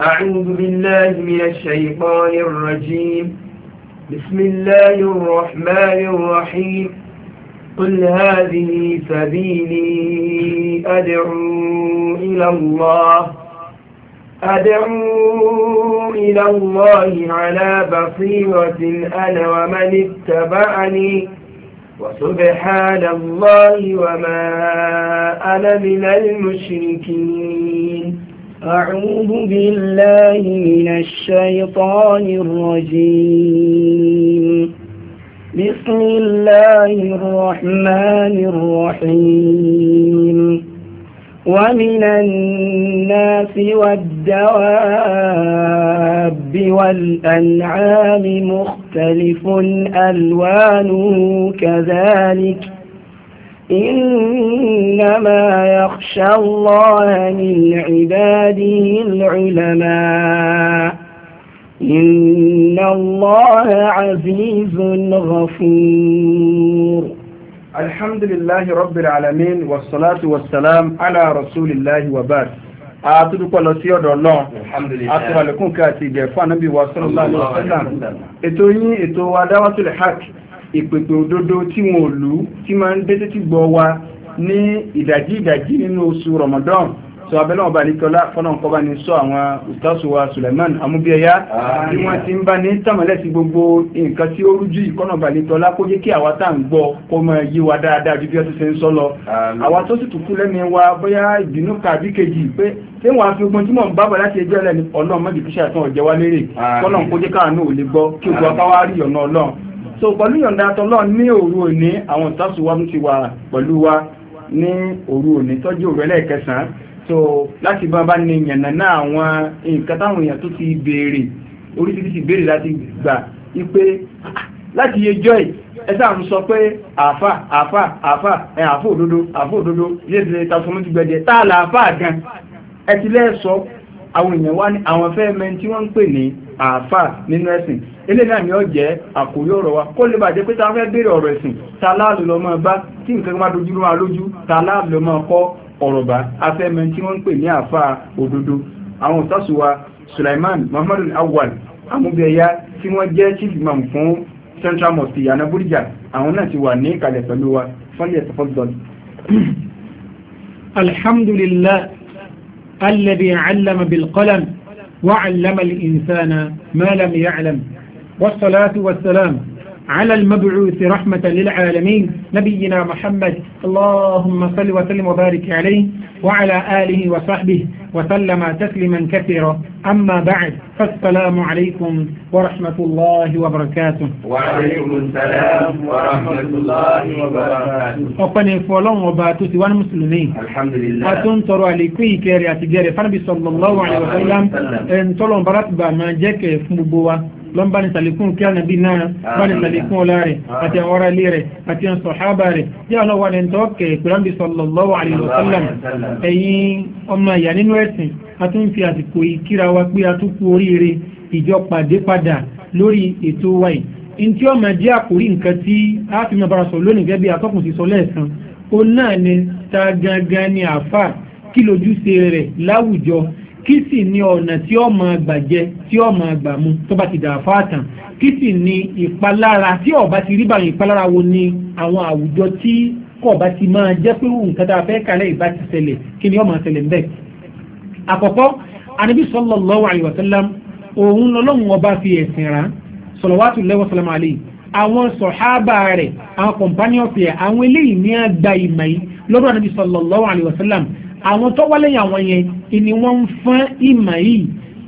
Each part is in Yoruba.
أعوذ بالله من الشيطان الرجيم بسم الله الرحمن الرحيم قل هذه سبيلي أدعو إلى الله أدعو إلى الله على بصيرة أنا ومن اتبعني وسبحان الله وما أنا من المشركين أعوذ بالله من الشيطان الرجيم بسم الله الرحمن الرحيم ومن الناس والدواب والأنعام مختلف ألوانه كذلك إنما يخشى الله من عباده العلماء إن الله عزيز غفور الحمد لله رب العالمين والصلاة والسلام على رسول الله وبعد àtúndúpọ̀ lọ sí ọ̀dọ̀ náà àtúwàlẹ̀kùn káàtì ìgbẹ̀fà náà bí wà sallallahu alaihi wasallam ètò yín ètò adáwátúlẹ̀ hajj ìpèpè òdodo tí wọn ò lú tí máa ń dédé tí gbọ́ wa ní ìdajì ìdajì nínú oṣù Ramadan sọ abẹ́lẹ́ ọba àríkọlá fọ́nàkọ́bá ní sọ àwọn ìtàṣùwà Suleiman amúbíẹyá tí wọ́n ti ń bá ní tàmọ̀lẹ́ sí gbogbo nǹkan tí ó rújú ìkọ́nàbà àríkọlá kó jẹ́ kí àwa tá ń gbọ́ kó mọ yí wa dáadáa ju bí ó ti ṣe ń sọ lọ àwa tó sì tún kú lẹ́nu wa bóyá ìbínú kàbí kejì pé tí wọ́n fi ogun tí mò ń bábọ̀ láti ẹjọ́ ẹlẹ́ni ọlọ́run mọ́jì so pẹ̀lú yọ̀ǹda tọ́lọ́ ní òru òní àwọn ìtọ́sùwọ́ ti wà pẹ̀lú wa ní òru òní tọ́jú òru ẹlẹ́ẹ̀kẹsàn-án so láti bá bá ní yànnà náà àwọn nǹkan táwọn èèyàn tó ti béèrè oríṣiríṣi béèrè láti gbà wípé láti yejọ́ ẹ̀ ẹ̀sà ń sọ pé àfà àfà àfà ẹ̀ àfà òdodo àfà òdodo yéé ti ta fún mi ti gbẹ̀dẹ̀ tá a là àfà gan ẹ̀ ti lẹ́ẹ̀ sọ àwọn èèyàn wá ní àwọn fẹ́ẹ́ tí wọ́n ń pè ní àfà nínú ẹ̀sìn ilé náà ni ó jẹ́ àkórí ọ̀rọ̀ wa kó lè bàjẹ́ pé ta fẹ́ ọ̀rọ̀ ẹ̀sìn ta láàlú bá tí nǹkan máa dojú máa lójú ta láàlú kọ́ ọ̀rọ̀ bá afẹ́mẹ́ tí wọ́n ń pè ní àfà òdodo àwọn òtásù wa Sulaiman Muhammadu amúbẹ̀yà tí wọ́n jẹ́ chief imam fún Central Mosque ìyànà Bódìjà àwọn náà ti wà ní ìkàlẹ̀ pẹ̀lú wa fọ́lẹ̀ tọ́fọ́dọ̀ alhamdulillah alladhi allama bil qalam وعلم الإنسان ما لم يعلم والصلاة والسلام على المبعوث رحمة للعالمين نبينا محمد اللهم صل وسلم وبارك عليه وعلى آله وصحبه وسلم تسليما كثيرا أما بعد فالسلام عليكم ورحمة الله وبركاته وعليكم السلام ورحمة الله وبركاته أقني فولون وباتو سوان مسلمين الحمد لله أتون تروا لكي كيري أتجاري فنبي صلى الله عليه وسلم إن تلون برات ما جاك فمبوا lọ́n bá ní sàlékún kí ànàbí náà bá ní sàlékún ọlá rẹ̀ àti àwọn ará ilé rẹ̀ àti àwọn sọ̀hábà rẹ̀ jẹ́ ọlọ́wà ní tọ́ọ̀kẹ̀ pẹ̀lọ́bí sallallahu alaihi wasallam ẹ̀yin ọmọ ìyà nínú ẹ̀sìn a tún fi àsìkò ìkíra wa pé a tún kú oríire ìjọ pàdé padà lórí ètò wa in tí ọmọ jẹ́ àkórí nǹkan tí a fi mọ́ bára sọ lónìí gẹ́gẹ́ bí atọ́kùn sí sọ lẹ́ẹ̀kan ó náà ni ta gangan ni àáfà kí lójúṣe rẹ̀ láwùjọ kí sì ni ọ̀nà tí ó máa gbà jẹ tí ó máa gbà mu tó bá ti dà fáàtàn kí sì ni ìpalára tí ó bá ti rí báyìí ìpalára wo ni àwọn àwùjọ tí kò bá ti máa jẹ́ pé nǹkan tá a fẹ́ kalẹ̀ ìbá ti ṣẹlẹ̀ kí ni ó máa ṣẹlẹ̀ ńbẹ̀. àkọ́kọ́ anabi sallallahu alayhi wa sallam òun lọ́lọ́run ọba fi ẹ̀sìn rán salawatullahi wa salamu alayhi àwọn sọ̀hábà rẹ̀ àwọn companions rẹ̀ àwọn eléyìí ní àgbà ìmọ̀ yìí lọ́dọ̀ anabi sallallahu alayhi wa sallam àwọn tó wá lẹ́yìn àwọn yẹn ìní wọ́n ń fọ́n ìmọ̀ yìí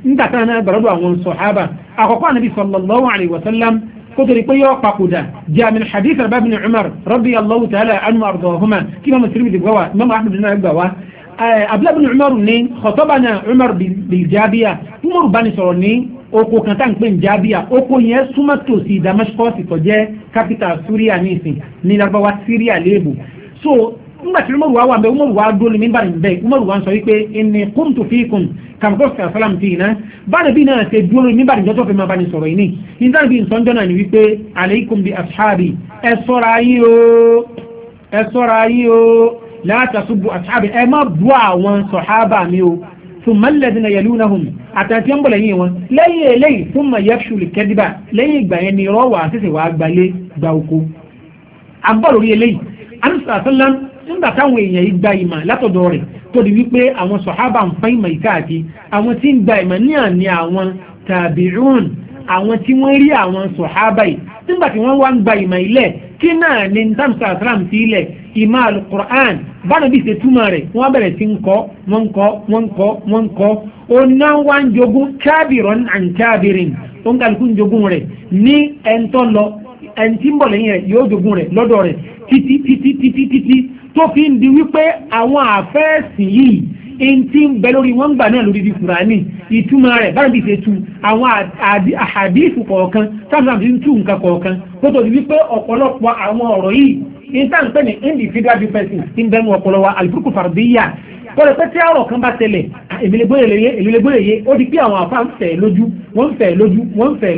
nígbà táwọn náà gbàdọ́dọ̀ àwọn sọ̀hábà àkọ́kọ́ ànábì sallallahu alayhi wa sallam kótó ni pé yọ papòdà jẹ́ àmì hadith rabbi bin umar radiyallahu ta'ala anhu ardahuma kí mama siribi ti gbawa mama ahmed náà gbà wá. Eh, abdullahi bin umar ní khotobana umar bil jaabiya umar bani sọ̀rọ̀ ní oko kan tá n pè ní jaabiya oko so nígbàtí umaru wa wà bẹ umaru wa dúró ní mímbàrí bẹ umaru wa sọ wípé inni qumtu fikum kàmkọ́ sàlám tì iná bára bí náà ṣe dúró ní mímbàrí jọ́tọ̀ fẹ́ máa bá ní sọ̀rọ̀ yìí ní nígbàtí bí nsọ́njọ́ náà ni wípé aleikum bi ashabi ẹ sọ́ra yìí o ẹ sọ́ra yìí o la tasubbu ashabi ẹ má bu àwọn sọ̀hábà mi o ثم الذين يلونهم àtàtí ń bọ̀ lẹ́yìn wọn lẹ́yìn eléyìí fún mayẹ́fṣù lè kẹ́díbà lẹ́yìn ìgbà yẹn ni rọ́wà àṣẹṣẹ wàá gbalé gba oko. àbọ̀ lórí eléyìí ansa sallam nígbà táwọn èèyàn yìí gba ìmọ̀ látọ̀dọ̀ rẹ̀ tó di wípé àwọn sọ̀hábà ń fẹ́ ìmọ̀ ìkáàkiri àwọn tí ń gba ìmọ̀ ní àní àwọn tàbíùn àwọn tí wọ́n rí àwọn sọ̀hábà yìí nígbà tí wọ́n wá ń gba ìmọ̀ ilẹ̀ kí náà ni tamsa islam ti ilẹ̀ ìmọ̀ alukur'an bára bí ṣe túmọ̀ rẹ̀ wọ́n bẹ̀rẹ̀ sí ń kọ́ wọ́n ń kọ́ wọ́n ń kọ́ wọ́n ń kọ́ ọ̀nà wa ń jogún kábìrán àn kábìrín ó ń kálukú ń jogún rẹ̀ ní ẹ̀ńtọ́ lọ ẹ̀ńtí ń bọ̀ lẹ́yìn rẹ̀ yóò jogún rẹ̀ lọ́dọ̀ rẹ̀ títí títí títí títí tó fi ń di wípé àwọn àfẹ́ẹ̀sì yìí in ti ń bẹ lórí wọn gbà náà lórí bí kùránì ìtumọ̀ rẹ̀ báyìí bí ṣe tu àwọn àhàdíìsù kọ̀ọ̀kan sáàmùsàn fi ń tú nǹkan kọ̀ọ̀kan tó tó di wípé ọ̀pọ̀lọpọ̀ àwọn ọ̀rọ̀ yìí intan pẹ́ ní individual differences ti ń bẹnu ọ̀pọ̀lọ wa alifurukú fardiyya kọ́lẹ̀ pé tí àrọ̀ kan bá tẹlẹ̀ èmìlẹ́gbọ́yẹ̀yẹ ó di pé àwọn àfa ń fẹ̀ lójú wọ́n ń fẹ̀ lójú wọ́n ń fẹ̀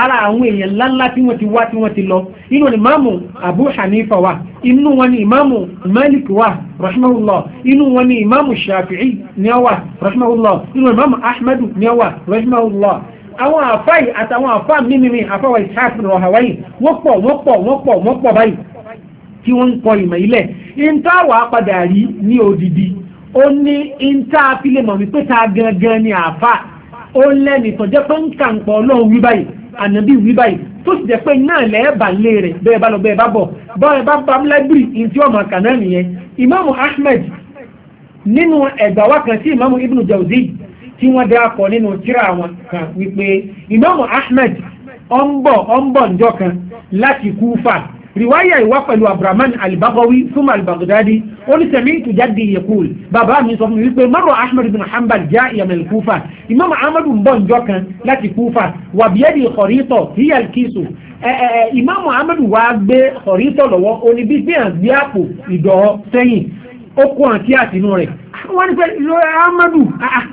ara àwọn èèyàn ńláńlá tí wọ́n ti wá tí wọ́n ti lọ inú ni imamu abu hanifa wa inú wọn ni imamu malik wa rahimahullah inú wọn ni imamu shafi'i ni wa rahimahullah inú imamu ahmadu ni wa rahimahullah àwọn àfáì àtàwọn àfá mímimi àfáwà ishaq rọ̀hàwáyì wọ́n pọ̀ wọ́n pọ̀ wọ́n pọ̀ wọ́n pọ̀ báyìí tí wọ́n ń kọ ìmọ̀ ilẹ̀ padà rí ní odidi ó ní ìntà wípé ta gangan ni àfá ó pé ń kà ń pọ̀ ànábì wí báyìí tó sì jẹ́ pé náà lẹ́ẹ̀bà lé rẹ̀ bẹ́ẹ̀ bá lọ bẹ́ẹ̀ bá bọ̀ bọ́ẹ̀ bá bá láìbírì ìdí ọmọ kàná nìyẹn ìmáàmù Ahmed nínú ẹ̀gbà wa kan sí ìmáàmù Ibn Jawzi tí wọ́n dá akọ nínú tírà wọn kan wípé ìmáàmù Ahmed ó ń bọ̀ kan láti Kúfà riwaya ìwá pẹ̀lú abraman albagawi fún albagdadi ó ní sẹ̀mí ìtùjáde yekul bàbá mi sọ fún mi wípé mọ́rọ̀ ahmed bin hanbal já ìyàmẹ̀ kúfà imam ahmed ń bọ̀ njọ́ kan láti kúfà wà bí yẹ́dì kọ̀rítọ̀ sí yalkisu imam ahmed wá gbé kọ̀rítọ̀ lọ́wọ́ ó ní bí bí hàn gbé àpò ó kó hàn sí àtinú rẹ̀ wọ́n ní pẹ́ ahmed ah, ah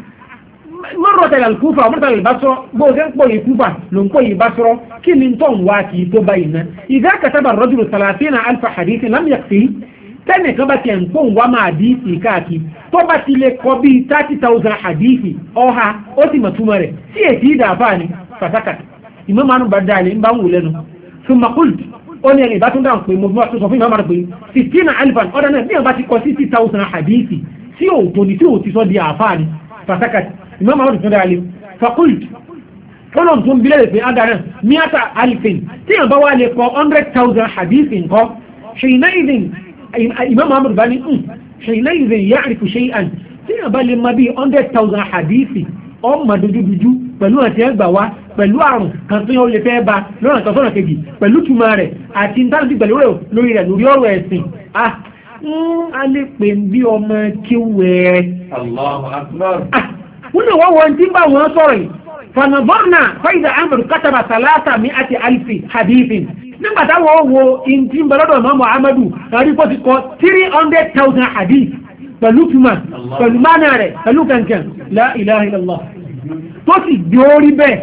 mọ́rọ̀ tẹ̀lé àlùkúfà mọ́rọ̀ tẹ̀lé àlùbásọ́ bó o ṣe ń pọ̀ yìí kúfà ló ń pọ̀ yìí básọ́rọ́ kí ni tó ń wá kì í tó báyìí ná ìdá kàtàbà rọ́jùlù sàlàfínà alfa hadith lámìyàkì tẹ́nì kan bá ti ń pò ń wá máa díìsì káàkiri tó bá ti lè kọ bíi thirty thousand hadithi ọha ó sì mọ̀ túmọ̀ rẹ̀ tí èsì ìdààfà ni fàtàkà ìmọ̀ máa ń bá dáàlì ń bá ń wù lẹ́nu fún makult ó ní ẹni ìbá tó ń dáhùn pé mo bá tó sọ fún ìmọ̀ máa pé fifteen alifan ọ̀dà náà bí wọ́n bá ti kọ sixty thousand hadithi tí òótọ́ ni tí òótọ́ sọ di àáfàá ni fàtàkà imam ahmed tún dáalé fakult ọlọ́run tún bílẹ̀ pé adarẹ̀ miata alifin tí yàn bá wà lè kọ 100,000 hadith nǹkan ṣèyìnlẹ́yìn imam ahmed bá ní ṣèyìnlẹ́yìn yà àrífù ṣe'an tí yàn bá lè ma bí 100,000 hadith ọmọ dúdúdúdú pẹ̀lú àti ẹgbà wa pẹ̀lú àrùn kan tí ó lè fẹ́ ba lọ́nà kan sọ́nà kejì pẹ̀lú túmọ̀ rẹ̀ àti ntánàtì pẹ̀lú rẹ̀ lórí rẹ̀ lórí ọ̀rọ̀ ẹ̀sìn ah ń hmm, alẹ́ pè ń bí ọmọ kí wẹ́ẹ́. Allahu Akbar. Ah, nínú wọ́n wọ́n tí ń bá wọn sọ̀rọ̀ yìí fanabọ́nà faiza amadu kataba salata mi àti alifi hadithin nígbà táwọn wo in tí ń bẹ lọ́dọ̀ mọ́mọ́ amadu rí pọ́ ti kọ 300,000 hadith pẹ̀lú tuma pẹ̀lú mánà rẹ̀ pẹ̀lú kankan la ilaha illallah tó sì gbé orí bẹ́ẹ̀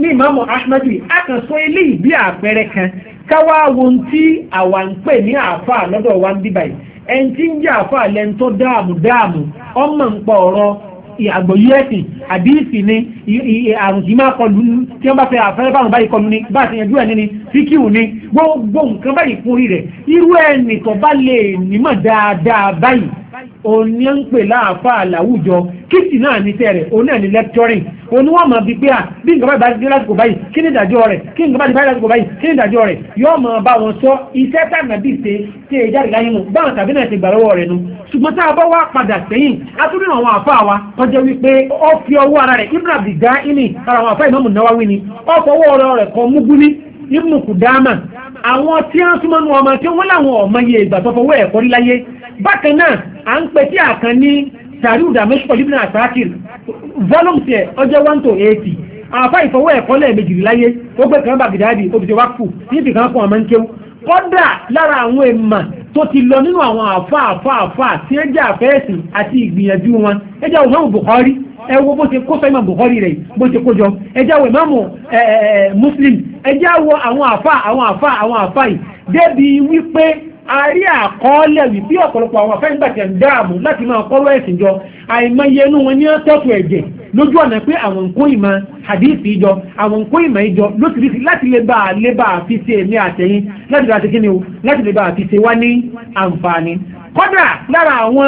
ní ìmáàmù ahmadu akànṣọ́ ilé ìbí àpẹẹrẹ kan káwá wo tí àwa ń pè ní àáfà lọ́dọ̀ wa ń bíbáyìí ẹni tí ń jẹ́ àáfà lẹ́ni tó dáàmú ọmọ ń pa ọ̀rọ̀ àgbọ̀yé ẹ̀sìn àdíìsì ni àrùn tí máa kọlù ní tí wọ́n bá fẹ́ àfẹ́rẹ́ fáwọn báyìí kọlù ní bá àti ẹ̀dú ẹ̀ní ni fíkìú ni gbogbo nǹkan báyìí fún rí rẹ̀ irú ẹni tó bá lè nímọ̀ dáadáa báyìí onye ń pè láàfà àláwùjọ kìtì náà ní tẹ̀rẹ̀ òní ẹ̀ ní lẹ́kítọ́rìn òní wọ́n mọ̀ bí pé à bí nǹkan bá dé lásìkò báyìí kí ni ìdájọ́ rẹ̀ kí nǹkan bá dé lásìkò báyìí kí ni ìdájọ́ rẹ̀ yóò mọ̀ bá wọn sọ iṣẹ́ tàbí bí ṣe ṣe ìjáde láyé mu báwọn tàbí náà ti gbà lọ́wọ́ rẹ̀ nu ṣùgbọ́n tá a bá wá padà sẹ́yìn a tún nínú àwọn àwọn tí a ń súnmọ́ nù ọmọ tí wọ́n láwọn ọmọ iye ìgbà tó fọwọ́ ẹ̀kọ́ rí láyé bákan náà à ń pè tí àkàn ní sàríù dàmẹ́sùpọ̀ libna àtàkìr volumes ẹ̀ ọjọ́ one to eighty àfa ìfọwọ́ ẹ̀kọ́ lẹ́ẹ̀mejì láyé ó gbé kan bàgìdáàdì obìnrin wákùú níbi kan fún ọmọ ń kéwú kọ́dà lára àwọn èèmà tó ti lọ nínú àwọn àfà àfà àfà tí ẹjẹ́ àfẹ́ẹ̀sìn àti ìgbìyànjú wọn ẹjẹ́ àwọn ìmáàmù Bukhari ẹwọ bó ṣe kó sọ́yìnmọ̀ Bukhari rẹ̀ bó ṣe kójọ ẹjẹ́ àwọn ìmáàmù Muslim ẹjẹ́ àwọn àfà àwọn àfà àwọn àfà yìí débi wípé a rí àkọọ́lẹ̀ wípé ọ̀pọ̀lọpọ̀ àwọn afẹ́gbàtẹ̀ ń dáàmú láti máa kọ́rọ̀ ẹ̀sìn jọ àìmọye inú wọn ní tọ́tù ẹ̀jẹ̀ lójú ọ̀nà pé àwọn nǹkó ìmọ̀ hadisi ìjọ àwọn nǹkó ìmọ̀ ìjọ lóṣìṣì láti lè bá lè bá fi ṣe èmi àtẹ̀yìn láti lè kíni o láti lè bá fi ṣe wá ní àǹfààní kódà lára àwọn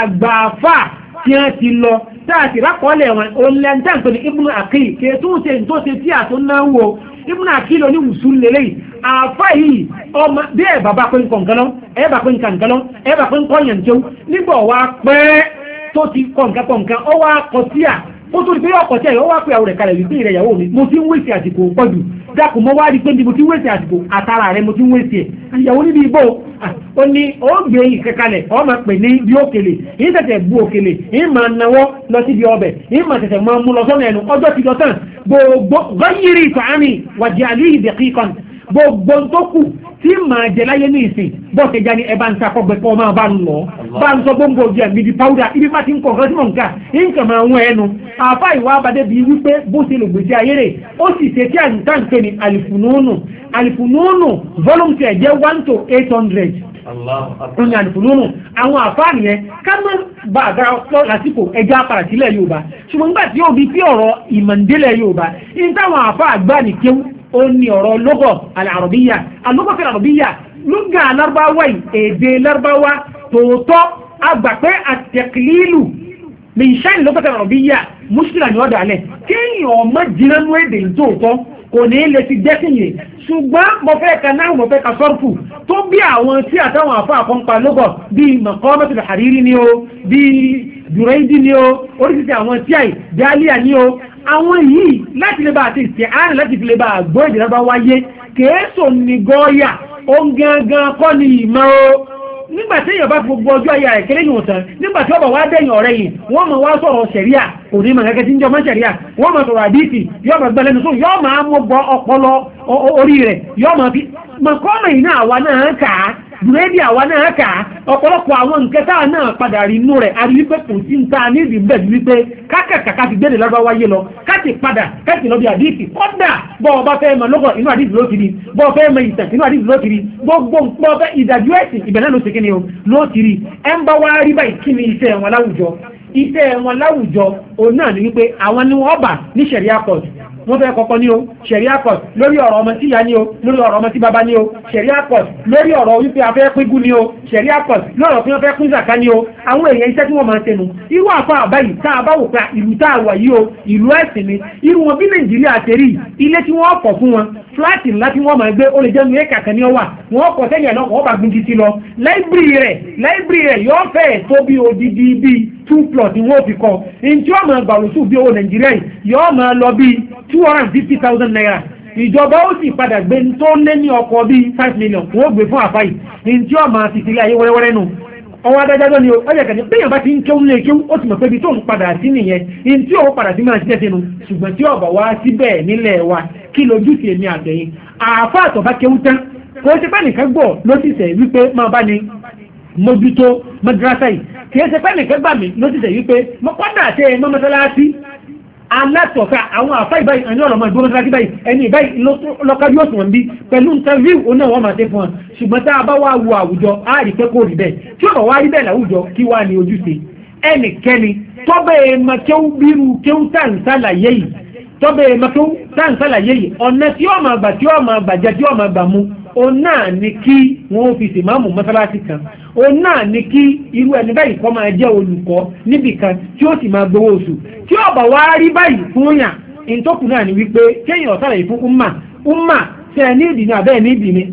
àgbààfà tí wọ́n ti lọ táàtì rákọọ́lẹ̀ wọn òun lẹ́ńtà ń pè ní ibùdó àkìlì kí ètò ìṣe ìtòṣe tí àtúnáwó ibùnà àkìlọ ní wùsùn lélẹ́yìí àfa yìí ọmọ bí ẹ bàbá pé nǹkan kan lọ ẹ bà pé nǹkan kan lọ ẹ bà pé nǹkan yàn jẹun nígbà wà pẹ́ tó ti kọ̀ǹkan kọ̀ǹkan ọ wá kọ sí à ó tó di pé ọkọ̀ tẹ́ ìyọ́wọ́ pé àwòrẹ̀ kalẹ̀ wípé ìrẹ̀ ìyàwó mi mo ti ń wéṣẹ̀ àsìkò pọ̀jù dákun mo wá rí pé mo ti ń wéṣẹ̀ àsìkò àtàrà rẹ̀ mo ti ń wéṣẹ̀ ìyàwó níbi ìbò ah, ó ní ó gbé ìkẹkalẹ̀ ó máa pè ní bí òkèlè yìí tẹ̀tẹ̀ bu òkèlè yìí máa nawọ́ lọ síbi ọbẹ̀ yìí máa tẹ̀tẹ̀ máa mú lọ sọ́nà ẹnu ọjọ́ ti lọ tán gbogbo gbọ́yìrì ìtọ́ àmì wàjẹ́ àlú ìdẹ̀kí kan gbogbo tó kù tí màá jẹ láyé ní ìsìn bọ́ọ̀kẹ́ já ní ẹ bá ń sakọ́ gbẹ kọ́ máa bá ń lọ bá ń sọ gbóngbò ojú ẹ̀mí di pàwùdà ibi má ti ń kọ̀ọ̀kan sí mọ̀ nǹkan nǹkan máa ń wọ ẹnu àfa ìwà abadé bíi wípé bó ṣe lògbèsè ayé rẹ̀ ó sì ṣe tí à ń pè ní àlìfùnúnù àlìfùnúnù volume tiẹ̀ jẹ́ one to eight hundred ní àdìfòlónù àwọn àfáàrí ẹ kámọ́ bá àgbára ọ̀pọ̀ lásìkò ẹja apàrà sílẹ̀ Yorùbá ṣùgbọ́n nígbà tí ó bí pí ọ̀rọ̀ ìmọ̀ǹdélẹ̀ Yorùbá ní táwọn àfáà gbà ní ó ní ọ̀rọ̀ lọ́gọ̀ alàrọ̀bíyà alọ́gọ̀fẹ́ alàrọ̀bíyà lọ́gà alárúbáwá èdè lárúbáwá tòótọ́ agbàpẹ́ àtẹ̀kìlílù lè ṣáìn lọ́gọ̀fẹ́ alàrọ̀bíyà mùsùlùmí ni ọ̀dà alẹ́ kéèyàn ọmọ jìnnánú èdè tòótọ́ kò ní lè ti dẹ́kìnyè ṣùgbọ́n mo fẹ́ ka náà mo fẹ́ ka sọ́rùfù tó bí àwọn tí àtàwọn àfọ àkọ́ńpa lọ́gọ̀ bíi mọ̀kọ́mọ́tò àrírí ni o bíi dùrẹ́ìdì ni o oríṣiríṣi àwọn àwọn yìí láti lè bá àti ìsẹ̀ àárín láti fi lè bá àgbọ́ èdè lábá wáyé ní gọ́ọ̀yà ń gangan kọ́ ní ìmọ̀ o nígbàtí èèyàn bá gbogbo ọjọ́ ayé rẹ̀ kéré tán nígbàtí ọba wá dẹ̀yìn ọ̀rẹ́ yìí wọ́n mọ̀ wá sọ̀rọ̀ ṣẹ̀ríà kò ní mọ̀ tí ń jọ mọ́ wọ́n sọ̀rọ̀ yọ́ yọ́ bọ ọpọlọ orí rẹ̀ yọ́ fi náà wà náà bùrẹ́dì àwa náà kà á ọ̀pọ̀lọpọ̀ àwọn nǹkan táwa náà padà rí inú rẹ̀ a rí wípé kò sí nta ní ìdí bẹ́ẹ̀ wípé kákàkà ti gbé lè wáyé lọ padà ká lọ àdìsí kọ́dà bọ́ ọba fẹ́ mọ lọ́gọ̀ inú àdìsí ló ti bọ́ fẹ́ mọ ìtàn inú gbogbo nǹkan ẹ̀sìn ìbẹ̀ náà o ló ń bá wá rí báyìí kí wọ́n fẹ́ kọ́kọ́ ní o ṣẹ̀ríà court lórí ọ̀rọ̀ ọmọ tí ìyá ní o lórí ọ̀rọ̀ ọmọ tí bàbá ní o ṣẹ̀ríà court lórí ọ̀rọ̀ wípé a fẹ́ pín gún ní o ṣẹ̀ríà court lọ́rọ̀ pé wọ́n fẹ́ pín zàká ní o àwọn èèyàn iṣẹ́ tí wọ́n máa ń tẹnu irú àpá àbáyìí tá a bá wò pé ìlú tá a wà yìí o ìlú ẹ̀sìn ni irú wọn bí nàìjíríà ṣe rí ilé tí wọ́n kọ̀ fún wọn fúláàtì ńlá tí wọ́n máa gbé ó lè jẹ́ nuyé kàkẹ́ ní ọwà wọ́n kọ̀ sẹ́yìn náà wọ́n bá gun títí lọ láìbírì rẹ̀ láìbírì rẹ̀ yóò fẹ́ẹ̀ tó bí odidi bíi two plot ni wọ́n fi kọ́ ní tí wọ́n máa gbàlùsù bí owó nàìjíríà yìí yóò máa lọ bíi two hundred and fifty thousand naira ìjọba ó sì padà gbé tó lé ní ọkọ̀ bíi five million wọ́n gbé fún àfáì ní tí ó máa sì sílé ayé wẹ́rẹ́wẹ́rẹ́ nù ọwọ́ adájọ́ ní ọjọ́ ìkànnì péyàn bá ti ń kéwú lè kéwú ó sì mọ̀ pé ibi tó ń padà sí nìyẹn ní tí òun padà sí máa ṣiṣẹ́ sínú ṣùgbọ́n tí ọ̀bà wá síbẹ̀ nílẹ̀ wa kí lójú sí èmi àgbẹ̀yìn àáfà àtọ̀bá kéwú tán kò ṣe pẹ́ nìkan gbọ́ ló sì sẹ̀ wípé máa bá ní mójútó madrasa yìí kì í ṣe pẹ́ nìkan gbà mí ló sì sẹ̀ wípé mọ́kọ́dà tẹ́ ẹ mọ́ mọ́sálásí alátọ̀ta àwọn àfá ìbáyìí ẹni ọ̀rọ̀ máa gbóná sáájú báyìí ẹni ìbáyìí lọ́kàrí òsùn bí pẹ̀lú interview ó náà wọ́n máa ṣe fún wọn ṣùgbọ́n tá a bá wá wo àwùjọ á rí pé kò rí bẹ́ẹ̀ tí ọ̀rọ̀ wá rí bẹ́ẹ̀ láwùjọ kí wá ní ojúṣe ẹnikẹ́ni tọ́bẹ̀ ẹ̀mọ kéwú bírú kéwú tàǹsálàyé yìí ọ̀nà tí ó máa gbà tí ó máa gbà jẹ tí ó máa gbà mú òun náà ni kí wọ́n fi ìsìmáàmù mọ́sálásí kan òun náà ni kí irú ẹni báyìí kọ́ máa jẹ́ olùkọ́ níbì kan tí ó sì máa gbowó oṣù tí ọ̀bà wá rí báyìí fún yàn ìtọ́kù náà ni wípé kéèyàn ọ̀sára yìí fún umma umma ṣe ní ìdì ní abẹ́ ní ìdì ni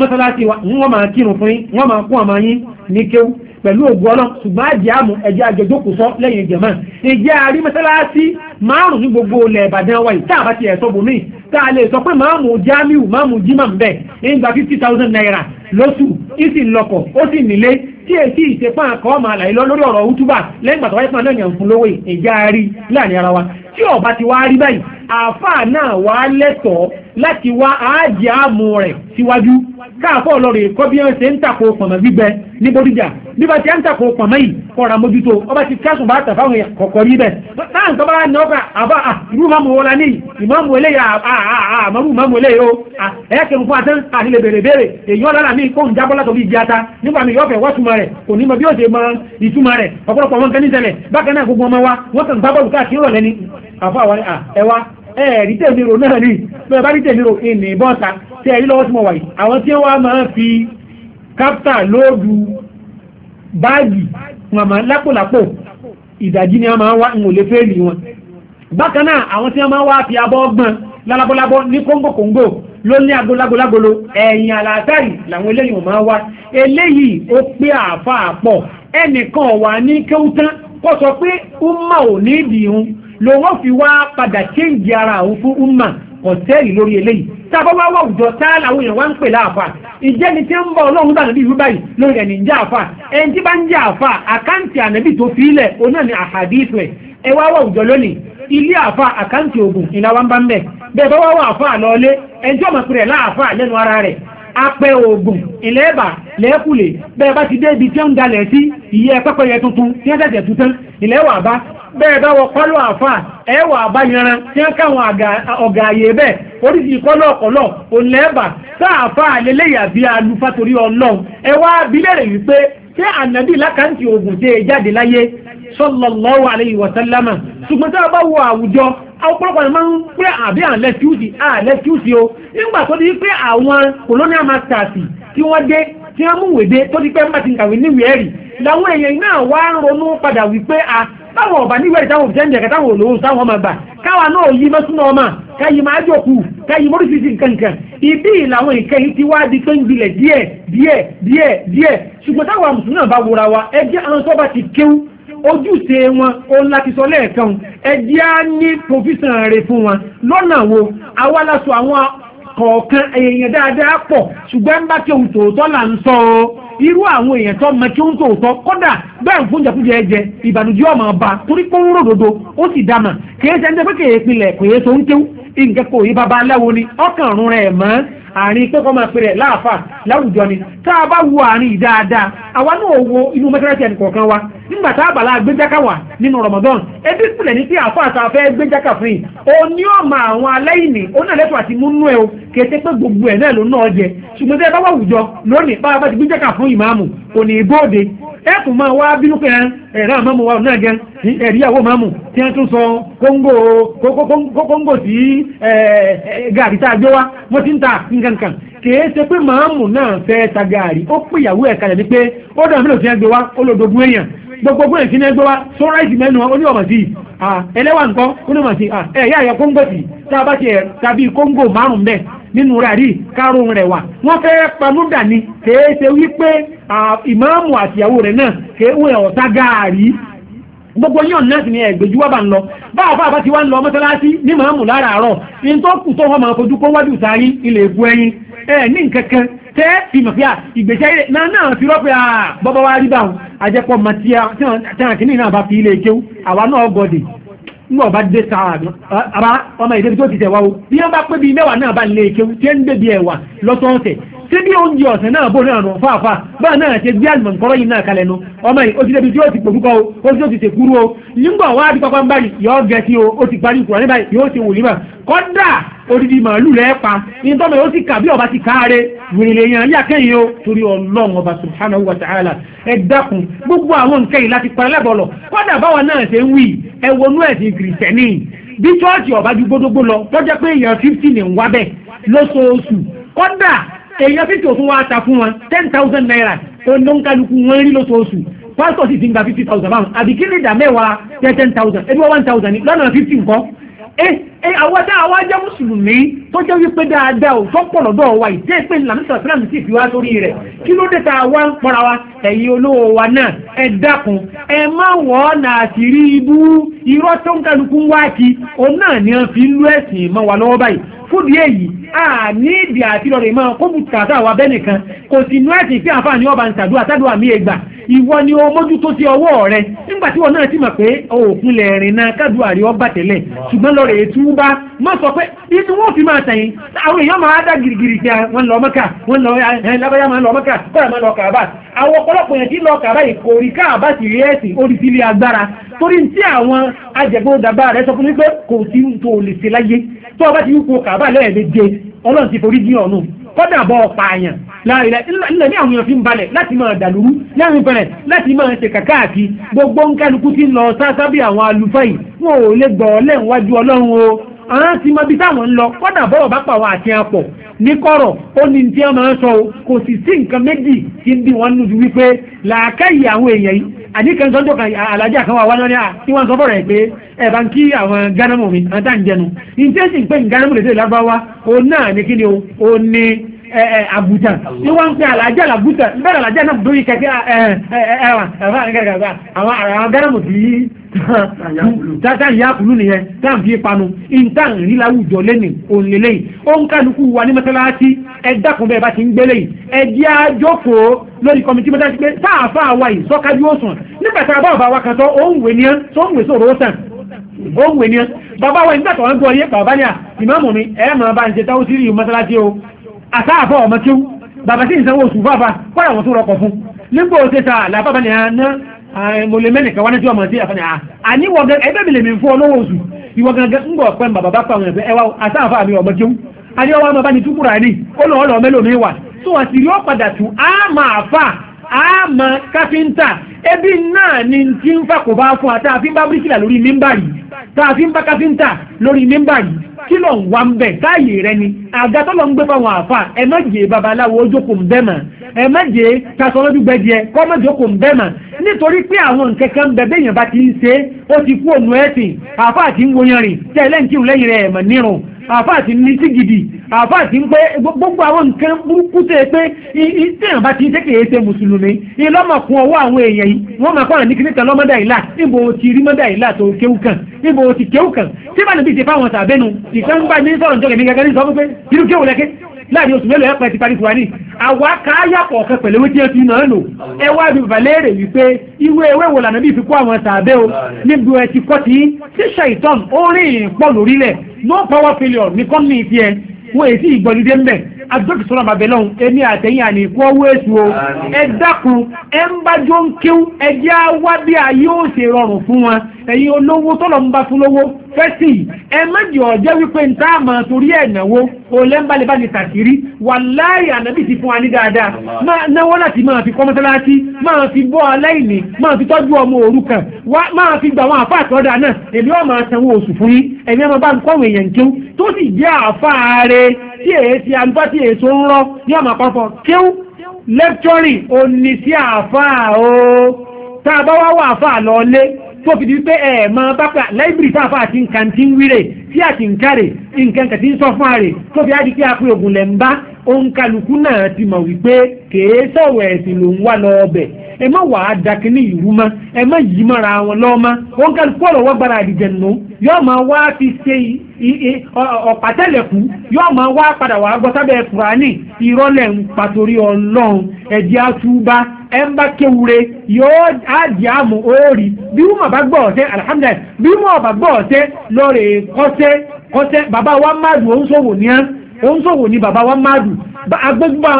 mọ́sálásí wa wọ́n máa kírun fún yín wọ́n máa kún àmọ́ yín ní kéwú pẹ̀lú ògùn ọlọ́run ṣùgbọ́n àjẹ́àmù ẹjẹ́ àjẹjókòsọ́ lẹ́yìn ìjẹ̀mọ́ ìjẹ́ àrí mẹ́sálásí márùn ní gbogbo ilẹ̀ ìbàdàn wa yìí táàbá ti ẹ̀sọ́ bòmí tá a lè sọ pé máàmù jamiu máàmù jimam bẹ́ẹ̀ ìgbà fifty thousand naira lóṣù ìsì lọ́kọ̀ ó sì nílé tí èsì ìṣepá àkọ́ ọmọ àlàyé lọ lórí ọ̀rọ̀ òtúbà lẹ́yìn gbàtọ̀ wáyé fún àná àáfàá náà wà á lẹ́tọ̀ọ́ láti wá àájì àmú rẹ̀ síwájú káàfọ́ ọlọ́rẹ̀ kọ́ bí wọ́n ṣe ń tako pọ̀mọ̀ gbígbẹ ní bódìjà bí wọ́n ti ń tako pọ̀mọ̀ yìí kọ́ra mójútó ọba ti kásùn bá tà fáwọn kọ̀kọ́ rí bẹ́ẹ̀ táà ń tọ́ bá ní ọkà àbá irú mọ́mú wọlá o ẹ̀yà kẹrù fún atán àti lè bèrè bèrè èyàn lára mi kó ń jábọ́ látọ̀ bí ìjata nípa mi yọ̀fẹ̀ wọ́túmọ̀ rẹ̀ kò ní mọ bí ó ṣe mọ ìtumọ̀ rẹ̀ ọ̀pọ̀lọpọ̀ wọn kẹ́ ní ṣẹlẹ̀ bákan náà gbogbo ọmọ wa wọ́n kàn gbábọ́ọ̀lù káàkiri rọ̀ lẹ́ni ẹ̀ẹ̀rí tẹ̀mírò náà rí bẹ́ẹ̀ bá rí tẹ̀mírò ìní bọ́ta tí ẹ̀rí lọ́wọ́ tí mo wà yìí àwọn tí wọ́n máa fi kápítà lóòdù báàgì màmá lápòlápò ìdajì ni wọ́n máa wá ń wòlé fẹ́ẹ̀lì wọn bákan náà àwọn tí wọ́n máa wá fi abọ́ gbọ́n lálábọ́lábọ́ ní kóńgò kóńgò ló ní agolagolagolo ẹ̀yìn àlàáfáì làwọn eléyìí wọ́n máa wá eléyìí ó pé àáfàá pọ̀ ẹnìkan wà ní kéwútán kó sọ pé ó mà ò ní ìdìhun lòun fi wá padà chéǹjì ara àwọn fún umma ọ̀tẹ́ẹ̀lì lórí eléyìí tábọ́ wá wà òjò tá làwọn èèyàn wá ń pè láàfà ìjẹ́ni tí ń bọ̀ ọlọ́run bá nàbí ìrúbá lórí ẹni ń jẹ́ àfà ẹni tí bá ń jẹ́ àfà àkáǹtì ànàbì tó fi ilẹ̀ oná ni àhàdíìsù ẹ̀ ẹ wá wà òjò lónìí ilé àfà àkáǹtì ògùn ìlàwà ń bá ń bẹ̀ bẹ́ẹ̀ bá wá wà àfà lọ́ọ́lé ẹni tí ọmọ pẹ̀rẹ̀ láàfà lẹ́nu ara rẹ̀ apẹ oògùn ilẹ̀ẹ́bà lẹ́ẹ̀kùlé bẹ́ẹ̀ bá ti dé ibi tí ó ń dalẹ̀ sí ìyẹ́ pẹ́pẹ́yẹ tuntun tí ó ń tẹ̀sẹ̀ tuntun bá bẹ́ẹ̀ bá wọ kọ́lọ̀ àfà ẹwà àbáyanran tí wọ́n káwọn ọ̀gá àyè bẹ́ẹ̀ oríṣi kọ́lọ̀ ọ̀kọ́lọ̀ òlẹ́bà sáàfà àlẹ́lẹ́yà bí alufa torí ọlọ́run ẹwà abilẹ̀rẹ̀ wípé tí ànàbí lákàntì ogun tẹ́ jáde láyé sallallahu alayhi wa sallama ṣùgbọ́n tí a bá wo àwùjọ ọ̀pọ̀lọpọ̀ ni máa ń pé àbí àlẹ́kíùsì àlẹ́kíùsì o nígbà tó di pé àwọn colonial masters tí wọ́n dé tí wọ́n mú wèdè tó di pé ń bá ti kàwé níwèé ẹ̀rì làwọn èèyàn náà wá ń ronú padà wípé a ah, táwọn ọba níwẹ̀ ìtàwọn òfìsẹ́ndì ẹ̀kẹ́ táwọn olówó táwọn ọmọ gbà káwà náà yí mọ́súnà ọmọ káyí máa jòkú káyí nkankan ibi ìlàwọn ìkẹyìn ti wá di tó ń gbilẹ̀ díẹ̀ díẹ̀ díẹ̀ díẹ̀ ṣùgbọ́n táwọn mùsùlùmí náà bá wura wa àwọn ti kéwú ojúṣe wọn òun láti sọ lẹ́ẹ̀kan á ní fún wọn wo àwa la sọ àwọn kọ̀ọ̀kan èèyàn dáadáa pọ̀ ṣùgbọ́n bá kéwù tòótọ́ là irú àwọn èèyàn tó mọ kí ó ń tó tọ́ kódà bẹ́ẹ̀ fún jàkújẹ ẹjẹ ìbànújẹ́ ọmọ ọba torí pé ń ròdòdó ó sì dámà kìí ṣe ń jẹ́ pé kìí pinlẹ̀ kò yé tó ń kéwú nǹkan kò yí bàbá aláwo ni ọkàn rún rẹ̀ mọ́ àárín pé kọ́ máa pè rẹ̀ láàfà láwùjọ ni tá a bá wo àárín yìí àwa náà wo inú mẹ́tẹ́rẹ́tì ẹnì kọ̀ọ̀kan wa nígbà tá a bàlá gbẹ́jáká wà nínú Ramadan ebi ìpìlẹ̀ ní sí àfọ́ àtàfẹ́ gbẹ́jáká fún yìí òní ọ̀mà àwọn aláìní onílẹ̀tọ̀ àti múnú ẹ̀ o kètè pé gbogbo ẹ̀ náà ló náà jẹ ṣùgbọ́n tẹ́ ẹ bá wà lónìí bá a bá ti gbẹ́jáká fún fún ìmáàmù kò ní ìbóòdè ẹkùn máa wá bínú pé ẹ̀rọ àmọ́mù wa náà gẹ ẹ̀ríyàwó máàmù tí wọ́n tún sọ kóńgò sí gàrí tá a gbé wá wọ́n ti ń ta nǹkankan kìí ṣe pé máàmù náà fẹ́ ta gàrí ó pè ìyàwó ẹ̀ kalẹ̀ ní pé ó dàn mílò tí wọ́n gbé wá ó lò dogun èèyàn gbogbo ẹ̀ sí ní ẹgbẹ́ wá sọ́ráìsì mẹ́nu oníwọ̀mọ̀ sí ẹlẹ́wà nǹkan oníwọ̀mọ̀ sí ẹ̀yà ẹ̀yà kóńgò sí tàbí kóńgò márùn-ún bẹ́ẹ̀ nínú rárí kárùn rẹ̀ wà wọ́n fẹ́ panúdà ni kèé ṣe wípé ìmáàmù àtìyàwó rẹ̀ náà kèé wọ́n ọ̀tá gáàrí gbogbo yíò náà sì ni ẹ̀gbẹ̀jú wábà ń lọ báàbá àbá ti wá ń lọ mọ́sálásí ní màámù láràárọ̀ in tó kù tó wọ́n máa fojú kó wájú sáyí ilẹ̀ ègbò ẹyin ní nkankan tẹ́ ìmọ̀fíà ìgbésẹ̀ ilẹ̀ náà fi rọ́pẹ́ ní ọba dé sáà àbá ọmọ ìdẹ́bi tó ti tẹ̀wá o bí wọ́n bá pé bíi mẹ́wàá náà bá lè kéwu tí ń débi ẹ̀wà lọ́sọ̀ọ̀sẹ̀ tí bí oúnjẹ ọ̀sẹ̀ náà bò náà nù fáfá bá náà ṣe gbé àlùmọ̀ nǹkọ́rọ́ yìí náà kalẹ̀ nu ọmọ yìí ó ti débi tí ó ti pòkúkọ o ó ti tó ti tèkúrú o nígbà wá di pápá ń báyìí yọ gẹ̀ sí o ó ti parí ìkùrọ̀ níbàyìí yóò ti wùlí mà kọ́dà odidi màálù lẹ́ẹ̀pa ní tọ́mọ̀ ó sì kà bí ọba ti káàrẹ wìrìlẹ̀ èèyàn yà kẹ́yìn o torí ọlọ́run ọba subhanahu wa ta'ala ẹ dákun gbogbo àwọn nǹkan yìí láti parẹ́ lẹ́bọ̀ lọ kọ́dà báwa náà ṣe ń wí ẹ wọnú ẹ̀sìn kìrìsẹ́nì bí chọ́ọ̀chì ọba ju gbódógbó lọ lọ́jọ́ pé èèyàn fifty ní wábẹ̀ lóṣooṣù kọ́dà èèyàn fifty òtún wá ta fún wọn ten thousand naira tó ń lóǹkálukú wọn rí lóṣooṣù pásítọ̀ sì ti ń gba fifty thousand pounds àbí kí ni ìdá mẹ́wàá ten thousand ẹbí wọ́n one thousand ní lọ́nà fifty nǹkan Eh, eh, àwọn tá a wá jẹ́ mùsùlùmí tó jẹ́ wípé dáadáa ò tó pọ̀ lọ́dọ̀ wa ìjẹ́ pé ìlànà ìsàlẹ̀ sì fi wá sórí rẹ̀ kí ló dé tá a wá ń pọ̀ra wa ẹ̀yin olówó wa náà ẹ dákun ẹ má wọ̀ ọ́ nà àti rí ibú irọ́ tó ń kálukú wá kí òun náà ni wọ́n fi ń lú ẹ̀sìn mọ́ wa lọ́wọ́ báyìí fúdi èyí a ní ìdí àti lọ́rẹ̀ máa kó bùkátà wa bẹ́nìkan kò sì nú ẹ̀sìn pé àǹfààní ọba ń tàdúrà tàdúrà mí ẹgbàá ìwọ ni o mójútó sí ọwọ́ rẹ nígbà tí wọn náà ti mọ̀ pé òògùn lẹ́rìn náà kádùá rí ọba tẹ́lẹ̀ ṣùgbọ́n lọ rẹ̀ ètú bá má sọ pé inú wọn fi máa tẹ̀yìn àwọn èèyàn máa dá gìrìgìrì pé wọn lọ mọ́kà wọn lọ lábáyá máa lọ mọ́kà kọ́ra máa lọ kàbá àwọn ọ̀pọ̀lọpọ̀ yẹn ti lọ kàbá ìkórí káàbá sì rí ẹ̀sìn oríṣiríṣi agbára torí tí àwọn ajẹ̀gbọ́dàbá rẹ sọ fún mi pé kò sí tó lè ṣe láyé tó ọba ti ń kó kàbá lẹ́ẹ̀mejì ọlọ́run ti forí dín ọ̀nù kọ́dà bọ́ ọ̀pá àyàn láàrínlẹ̀ ilẹ̀ ní àwọn èèyàn fi ń balẹ̀ láti máa dàlúrú láàrin pẹ̀rẹ̀ láti máa ṣe kàkáàkì gbogbo ń kálukú ti ń lọ sáásá bí àwọn alùfáì wọn ò lè gbọ́ lẹ́ǹwájú ọlọ́run o àwọn ti mọ ibi táwọn ń lọ kọ́dà bọ́rọ̀ bá pa àwọn àti apọ̀ ní kọ́rọ̀ ó ní tí wọ́n máa ń sọ o kò sì sí nǹkan méjì tí ń bí wọn nù ju wípé làákàyè àwọn èèyàn yìí àdíkan sọ́jọ́ kan alájà kan wà wá lọ́rí tí wọ́n sọ bọ̀rọ̀ ẹ̀ pé ẹ̀bá ń kí àwọn gánámù mi àtàǹjẹnu ìtẹ́sìn pé ń gánámù lè dé lágbáwá òun náà ní kí ni o òun ni Eh, eh, Abuja, tí wọ́n ń pè àlàjá àbújá bẹ́ẹ̀ àlàjá náà dórí kẹ̀kẹ́ ẹ̀wà ẹ̀fà gẹ́gẹ́gẹ́gẹ́ àwọn tata ya, nìyẹn táà fi panu intan rí láwùjọ lẹ́nì òǹlẹ́lẹ́yìn ó ń O wa ní mọ́sálásí wa yìí sọ́kájú nígbà a bá ọ̀bá kan ń ń sàn ń bàbá wa nígbà yé bàbá mi ẹ̀ máa o àtààfọ́ ọmọ tí ó bàbá sí ìsanwó oṣù fàfà kọ́rọ̀ wọn tó rọkọ̀ fún nígbò ṣe ta làbàbà ní àná mọ̀lẹ̀ mẹ́nìkan wá ní tí ọmọ sí àfẹ́ni àníwọ̀ ẹgbẹ́ mi lè mi fún ọlọ́wọ́ oṣù ìwọ gangan ń bọ̀ pẹ́ bàbá bá pàwọn ẹ̀fẹ́ ẹwà àtààfọ́ àmì ọmọ tí ó adé ọwọ́ ọmọ bá ní túkúrà ní olóòlò mélòó mi wà tó wà sí rí ó padà tù á kí ló ń wá ń bẹ̀ táàyè rẹ ni àga tó lọ ń gbé fáwọn àfà ẹ má jẹ́ babaláwo ojókòó ń bẹ́ mà ẹ má jẹ́ tasọ́lọ́dún gbẹdìẹ kọ́ má jókòó ń bẹ́ mà nítorí pé àwọn nǹkan kan ń bẹ bẹ́yìn bá ti ń ṣe ó ti kú ònú ẹ̀sìn àfà àti ń wọnyẹrin tẹ́lẹ̀ ń kírun lẹ́yìn rẹ̀ ẹ̀mọ̀ nírun àfáà ti ní sí gidi àfáà ti ń pé gbogbo àwọn nǹkan burúkú tẹ́ pé ìtẹ̀yàn bá ti ń tẹ́kẹ̀ẹ́ ṣe mùsùlùmí ìlọ́mọ̀kun ọwọ́ àwọn èèyàn yìí wọ́n máa kọ́ra ní kíníkà lọ́mọdà ìlà níbo ti rí mọ́dà ìlà tó kéwù kan níbo ti kéwù kan tí bá níbi ìṣe fáwọn tàbẹ́nu ìkan gbá ní sọ̀rọ̀ nítorí gẹ́gẹ́ ní sọ pé irú kéwù lẹ́kẹ́ láàrin oṣù mélòó ẹ̀pẹ̀ ti parí fún wa ní àwa káyàpọ̀ ọ̀kan pẹ̀lú ewé tí wọ́n fi náà lò ẹ wá bí valere wípé ìwé ewé wo lànà bí ìfikún àwọn sàbẹ́ o níbi ẹ ti kọ́ ti tí ṣàìtàn ó rìn pọ̀ lórílẹ̀ no power failure ní kọ́mí ìfi ẹ wọ́n èyí tí ìgbọ̀nidé ń bẹ̀ adókè sọ́nà bàbẹ̀ lọ́hùn ẹni àtẹ̀yìn àní ikú ọwọ́ èṣù o ẹ dákun ẹ ń bá jó ń kíw ẹ jẹ́ wá bí ayé ó fún wọn ẹ̀yin olówó tọ́lọ̀ ń bá fún lówó fẹ́sì ẹ mẹ́jọ ọjọ́ wípé ń tá àmọ́ torí ẹ̀ náwó o lẹ́ ń bá lè bá ní tàkìrí wàláhì ànábì ti fún wa ní dáadáa máa náwó láti máa fi kọ́ mọ́sálásí máa fi bọ́ aláìní máa fi tọ́jú ọmọ òrukàn máa fi gbà wọn àfáà tọ́da náà èmi ọ̀ máa sanwó oṣù fún yín ẹ̀mí ọmọ bá ń kọ́ èèyàn kéw tó sì jẹ́ àfáà rẹ tí èsì àlùfáà tí èso ń rọ ní ọmọ àpapọ̀ kéw lẹ́kítọ́rì òní sí àfáà o tá a bá wá wà àfáà lọ lé tó fi di wípé ẹ̀ẹ̀mọ́ bápá láìbìrì táàfà àti nǹkan tí ń wíre tí àti nǹkan rẹ̀ nǹkan kẹ̀sí ń sọ fún tó fi kí a pé ogun lẹ̀ òun kálukú náà ti mọ̀ wípé kèé ẹ̀sìn ló ń wá lọ ọbẹ̀ ẹ má wà á dakin ní ìlú mọ́ ẹ má yí mọ́ra wọn lọ́ mọ́ òun kálukú ọ̀rọ̀ wọ́n gbára nù yóò máa wá fi ṣe yóò máa wá padà wà á gbọ́ sábẹ́ ìrọ́lẹ̀ ń pàtórí ọlọ́run ẹ̀dí àtúbá ẹ ń bá kéwure yóò òórì bí wọ́n bá gbọ́ ọtẹ́ bàbá wa máàdù oúnṣòwò ní án oúnṣòwò ní bàbá wa máàdù agbógbà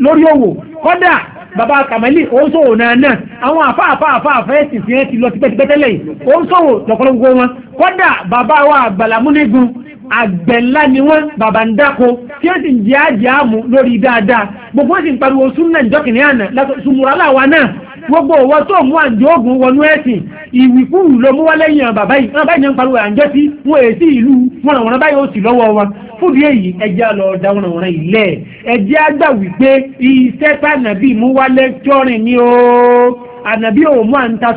lórí òwò kọ́dà bàbá kàmẹ́lì oúnṣòwò náà náà àwọn àfáàfáàfá àfẹ́ẹ̀sì fi ẹ́ ti lọ tipẹ́tipẹ́tẹ́lẹ̀ oúnṣòwò lọ́pọ̀lọpọ̀ wọn kọ́dà bàbá wa àgbàlámúnigun agbela ni wọ́n bàbá ń dáko tí ó sì ń jẹ́ àjẹ́ àmú lórí dáadáa gbogbo sì ń pariwo súnà ìjọkìnrin àná náà gbogbo òwò tó mú àǹjọ ogun wọnú ẹ̀sìn ìwìkúrù ló mú wá lẹ́yìn bàbá yìí wọn báyìí ń pariwo àǹjọ sí wọn èsì ìlú wọnàwọnà wọn èyí ẹjẹ́ da ẹjẹ́ àgbà wípé iṣẹ́ tànàbí mú wá ni ó ànàbí òun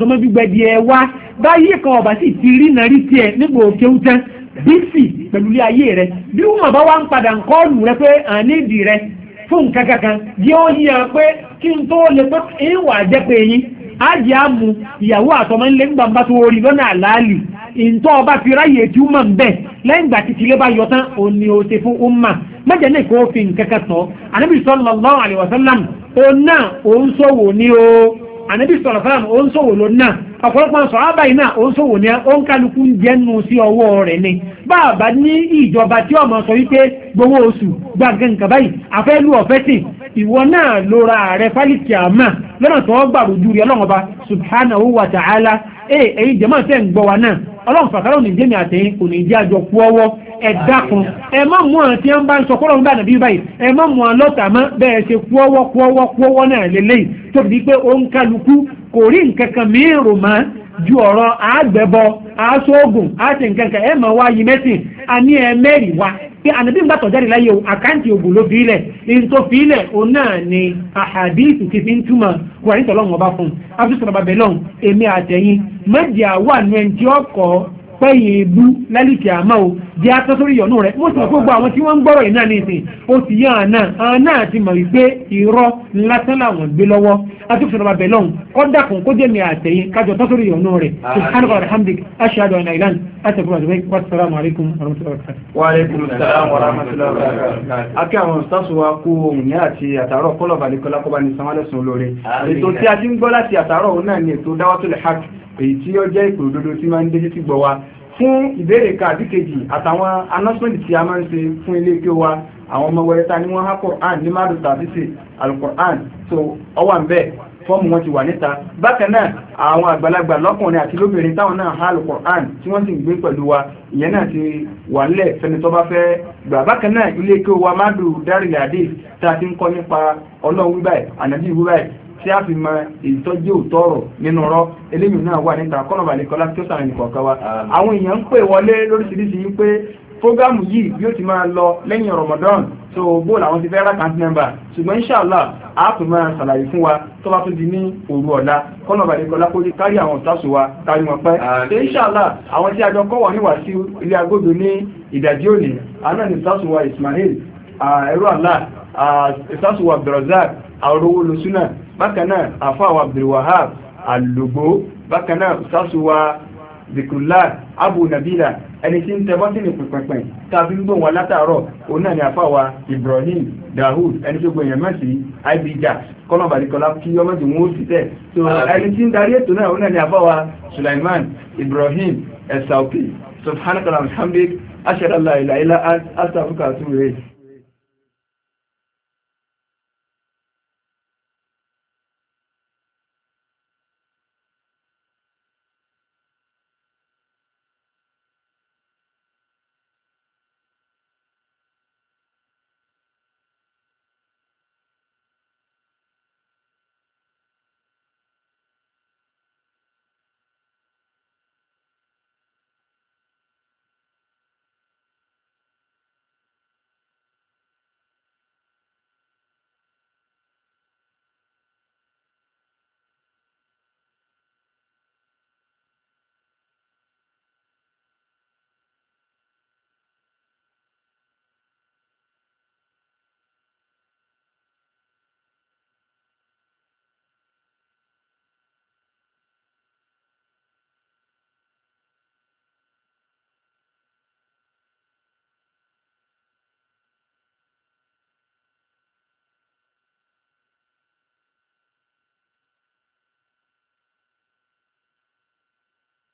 mú gbígbẹ́ di ẹ wá báyìí kan ọ̀bà sì ti rí nàrí tiẹ̀ bísì pẹ̀lú ilé ayé rẹ bí wọ́n bá wá ń padà ń kọ́ọ̀lù rẹ pé à ń yi rẹ fún nǹkan kankan bí ó yí pé kí n tó lè pé ń jẹ́ pé yín á jẹ́ àmú ìyàwó àtọmọ ńlẹ̀ ńgbà bá tó orí lọ́nà àlàálì ọba fi ráyè tí ó mọ̀ ń bẹ̀ lẹ́yìn ìgbà títí ilé bá yọ tán ò fún umma mẹ́jẹ̀ fi o. ànábì sọ̀rọ̀ sáàmù ó ń sòwò ló náà ọ̀pọ̀lọpọ̀ sọ ábà iná ó ń sòwò ní ó ń kálukú ń jẹnu sí ọwọ́ rẹ̀ ni báàbá ní ìjọba tí ọmọ sọ wípé gbowó oṣù gbàgbé nǹkan báyìí àfẹ́lú ọ̀fẹ́ sìn ìwọ náà lóra ààrẹ fálìkì àmà lọ́nà tó gbàrú ju rí ọlọ́run ọba subhanahu wa ta'ala èyí jẹ́mọ̀ sẹ́ ń gbọ́ wa náà ọlọ́run fàkàrà òní jẹ́mi àtẹ̀yìn kò ní jẹ́ àjọ kú ọwọ́ ẹ dákun ẹ má mú àwọn tí wọ́n bá ń sọ kọ́lọ́ ń bá nàbí báyìí ẹ má mú àwọn lọ́tà mọ́ bẹ́ẹ̀ ṣe kú ọwọ́ kú ọwọ́ kú ọwọ́ náà lélẹ́yìn tó fi di pé ó ń kálukú kò rí nǹkan kan mìíràn mọ́ ju ọ̀rọ̀ àgbẹ̀bọ aṣọ́gun àti nǹkan kan ẹ̀ mọ̀ wá yìí mẹ́sìn àní ẹ mẹ́rin wá pé ànábì ń bàtọ̀ jáde láyé o àkáǹtì ògùn ló fi ilẹ̀ ní fi ilẹ̀ òun náà ni ti fi ń túmọ̀ pẹ́ ìlú lálìkì àmọ́ o jẹ́ atọ́sórí ìyọ̀nù rẹ̀ mo sì mọ̀ gbogbo àwọn tí wọ́n ń gbọ́rọ̀ yìí náà o sì yá àná àná àti mọ̀ wípé irọ́ lásán làwọn gbé lọ́wọ́ atúfẹ̀rọ̀ bàbẹ̀ lọ́hùn kọ́dà kan kó jẹ́ mi àtẹ̀yìn kájọ tọ́sórí ìyọ̀nù rẹ̀ subhanahu alhamdulilayi ashadu an ilan asafura zubayi wa salaamu alaykum wa rahmatulahi wa barakatuh. akẹ́ àwọn sọ́sù wa kú ohun ní àti àtàrọ̀ kọ́lọ̀ balẹ̀kọ́lá kọ́ba ní sanwó-alẹ́sùn olóore ètò tí a ti ń gbọ́ láti àtàrọ̀ òun náà ni èyí tí ó jẹ́ ìpè òdodo tí máa ń dé títí gbọ́ wa fún ìbéèrè ká àbí kejì àtàwọn announcement tí a máa ń ṣe fún ilé kí wa àwọn ọmọ wẹrẹta ni wọ́n há Quran ní márùn tàbí sí alukoran so ọwà ń bẹ̀ fọ́ọ̀mù wọn ti wà níta bákan náà àwọn àgbàlagbà lọ́kùnrin àti lóbìnrin táwọn náà há alukoran tí wọ́n sì ń gbé pẹ̀lú wa ìyẹn náà ti wà nílẹ̀ fẹni tó bá fẹ́ gbà bákan náà ilé kí wa mádùn dárìlẹ̀ àdé tá a ti ń kọ́ nípa ọlọ́run wíbáyìí ànábì wíbáyìí tí a fi mọ ìtọ́jú òtọ́rọ̀ nínú rọ́ eléyìí náà wà níta kọ́nàbà ní kọlá tí ó sàrìn nìkọ̀ọ̀kan wa àwọn èèyàn ń pè wọlé lóríṣiríṣi pé fógámù yìí bí ó ti máa lọ lẹ́yìn Ramadan tó bó làwọn ti fẹ́ rákàntì nọ́mbà ṣùgbọ́n inṣàlá a tún máa ṣàlàyé fún wa tó bá tún di ní òru ọ̀la kọ́nàbà ní kọlá kórí kárí àwọn ìtàṣù wa kárí wọn pẹ́ ṣe inṣàlá àwọn tí a jọ kọ́ wà níwà sí ilé agbódo ní ìdajì òní àná ní ìtàṣù wa Ismail ẹ̀rọ àlá ìtàṣù wa Abdulrazak àwọn olówó losúnà bákanáà àfáwà abdulwahab alùgbò bákanáà sásùwà zikrullah abu nabila ẹni tí ń tẹbọ́ sí ní pẹ̀pẹ̀pẹ̀ tàbí gbọ́n wa látàárọ̀ òun náà ni àfáwà ibrahim dahud ẹni tó gbọ́n yẹn mẹ́sì ibija kọ́nàbàdìkọ́lá kí ọmọdé wọn ó sì tẹ̀ ẹni tí ń darí ètò náà òun náà ni àfáwà sulaiman ibrahim ẹ̀sàókè subhanakallah alhamdulilayi ashadallah ilaha illa anta astaghfiruka wa